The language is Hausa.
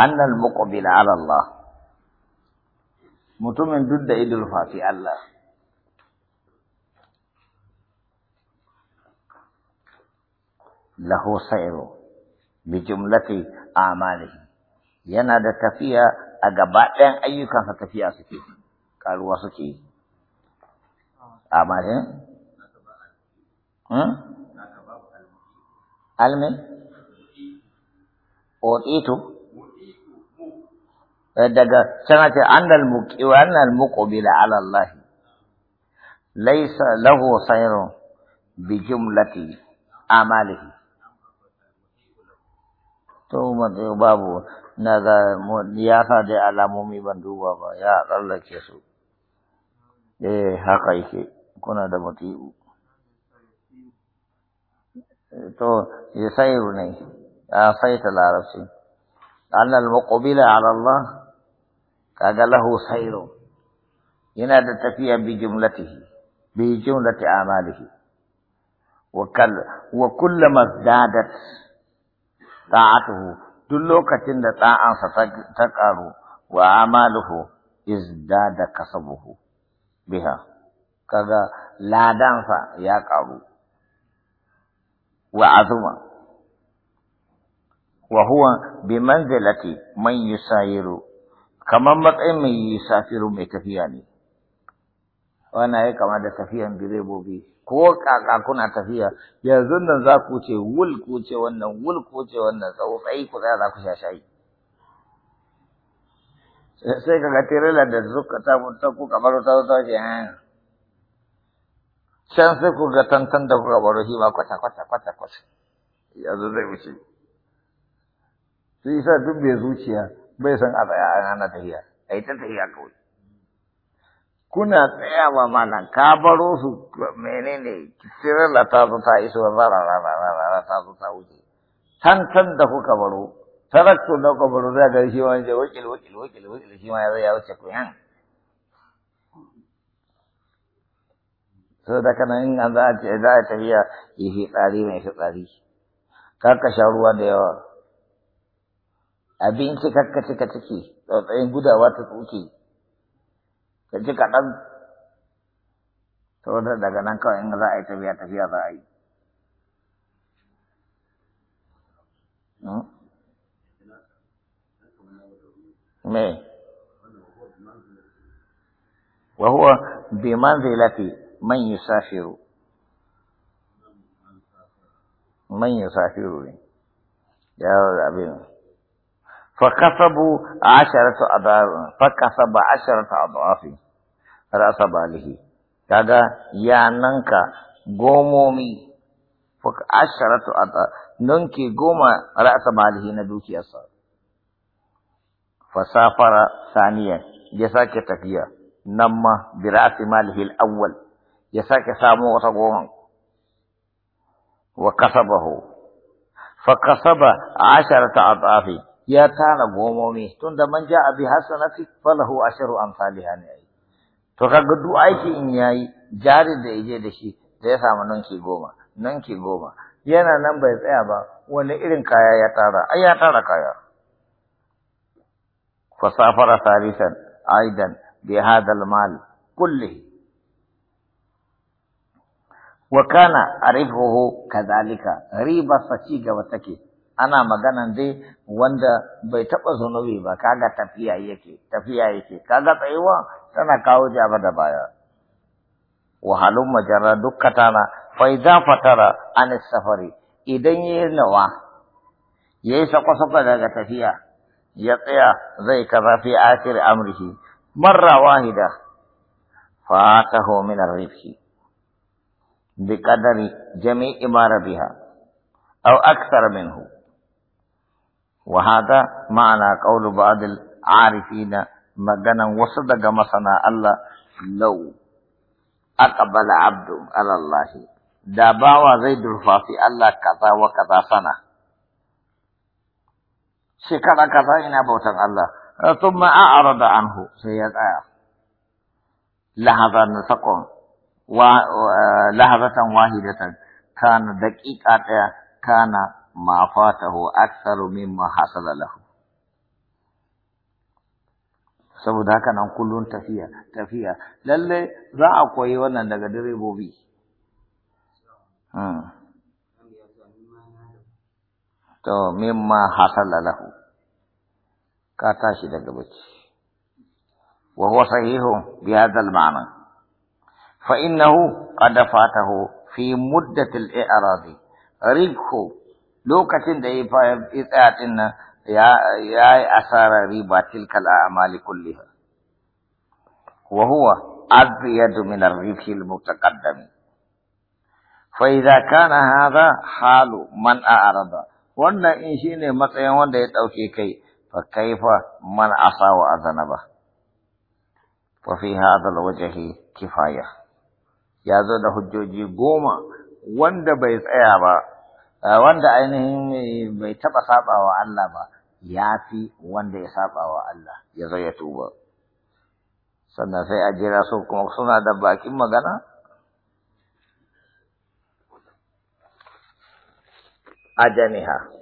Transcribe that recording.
annal muqbil ala Allah mutumin duk da idul fati Allah lahu sayru bi jumlati amalihi yana da tafiya a gaba ɗayan ayyukansa tafiya suke karuwa suke amalin hmm? almi otitu Eh, daga sana ce annal muqi annal muqbila ala Allah laysa lahu sayrun bi jumlati amalihi to babu na ga ya sa da alamomi ban duba ba ya tsallake su eh haka yake kuna da muti'u to sayru ne a saita larabci annal muqbila ala Allah كاغله خير ينادى التفيه بجملته بجمله اعماله وكل وكلما ازدادت طاعته تلوك تند طاعة ستقار وعماله ازداد كسبه بها كذا لا دانفا يقار وعظم وهو بمنزلة من يساير kamar matsayin mai safiru mai tafiya ne wana ya kama da tafiyan direbobi ko kaka kuna tafiya yanzu nan za ku ce wul ku ce wannan wul ku ce wannan tsautsayi ku tsaya za ku sha shayi sai ka ga tirela da zuka ta mutu ku kamar ta zo ta ce ah. can sai ku ga tantan da kuka baro shi ma kwata kwata kwata kwata yanzu zai wuce sai sa duk mai zuciya bai san a tsaya an hana tafiya a yi ta tafiya kawai kuna tsayawa mana ka baro su menene sirala ta zo ta iso rara rara rara ta zo ta wuce can can da kuka baro tarakto da kuka baro zai ga shi wani wakil wakil wakil wakil shi ma ya zai ya wuce ku yan saboda kana in an za a tafiya yi tsari mai fitsari tsari, ka sha ruwa da yawa abinci kakka cika ciki tsautsayin gudawa ta tsuke ka ji kaɗan saboda daga nan kawai in za a yi tafiya tafiya za a yi hmm? me wa huwa bi manzilati man yusafiru man yusafiru ne ya abin فكسبوا عشرة أضعاف فكسب عشرة أضعاف رأس ماله كذا يا ننكا قومومي فك عشرة أضعاف ننكي قوم رأس ماله ندوكي أصاب فسافر ثانيا يساك تكيا نما برأس ماله الأول يساك سامو وتقوم وكسبه فكسب عشرة أضعاف ya tara gomomi tun tunda man ja'a bi hasanati falahu asharu amsalha ne ai to kaga duk aiki in yayi jari da yaje da shi da ya samu nanki goma nanki goma yana nan bai tsaya ba wani irin kaya ya tara ai ya tara kaya fasafara tarisan aidan bi Hadal, mal kullihi wa kana arifuhu kadhalika riba saci gaba take ana maganan dai wanda bai taɓa zunubi ba kaga tafiya yake tafiya yake kaga tsayuwa tana kawo jaba da baya wahalun majara dukka tana faiza fatara an safari idan ya yi nawa ya yi sakwa daga tafiya ya tsaya zai kaza fi akhir amrihi marra wahida fatahu min ar-rifhi bi jami'i ma biha aw minhu وهذا معنى قول بعض العارفين مجانا وصدق مثلا الله لو أقبل عبد على الله دابا وزيد الفاسي الله كذا وكذا سنة شكرا كذا إن بوتن الله ثم أعرض عنه سيد آية لحظة نسقون آه، لحظة واحدة كان دقيقة كان ما فاته أكثر مما حصل له saboda haka nan kullun tafiya tafiya lalle za a koyi wannan daga direbobi to mimma hasala lahu ka tashi daga bacci wa huwa sahihun bi hadha al-ma'na fa innahu qad fatahu fi muddati al-i'radi righu lokacin da ya tsaya ɗin nan ya yi asara riba tilkal a'mali kulliha wa huwa azyadu min ar-ribhi al-mutaqaddam fa idza kana hadha halu man a'rada wannan in shine matsayin wanda ya dauke kai fa kaifa man asa wa azanaba wa fi hadha al-wajhi kifaya ya zo da hujjoji goma wanda bai tsaya ba Ah, wanda ainihin bai taɓa saɓa wa Allah ba ya fi wanda ya saɓa wa Allah ya zo ya tuba sannan sai a jira su kuma suna da bakin magana ajaniha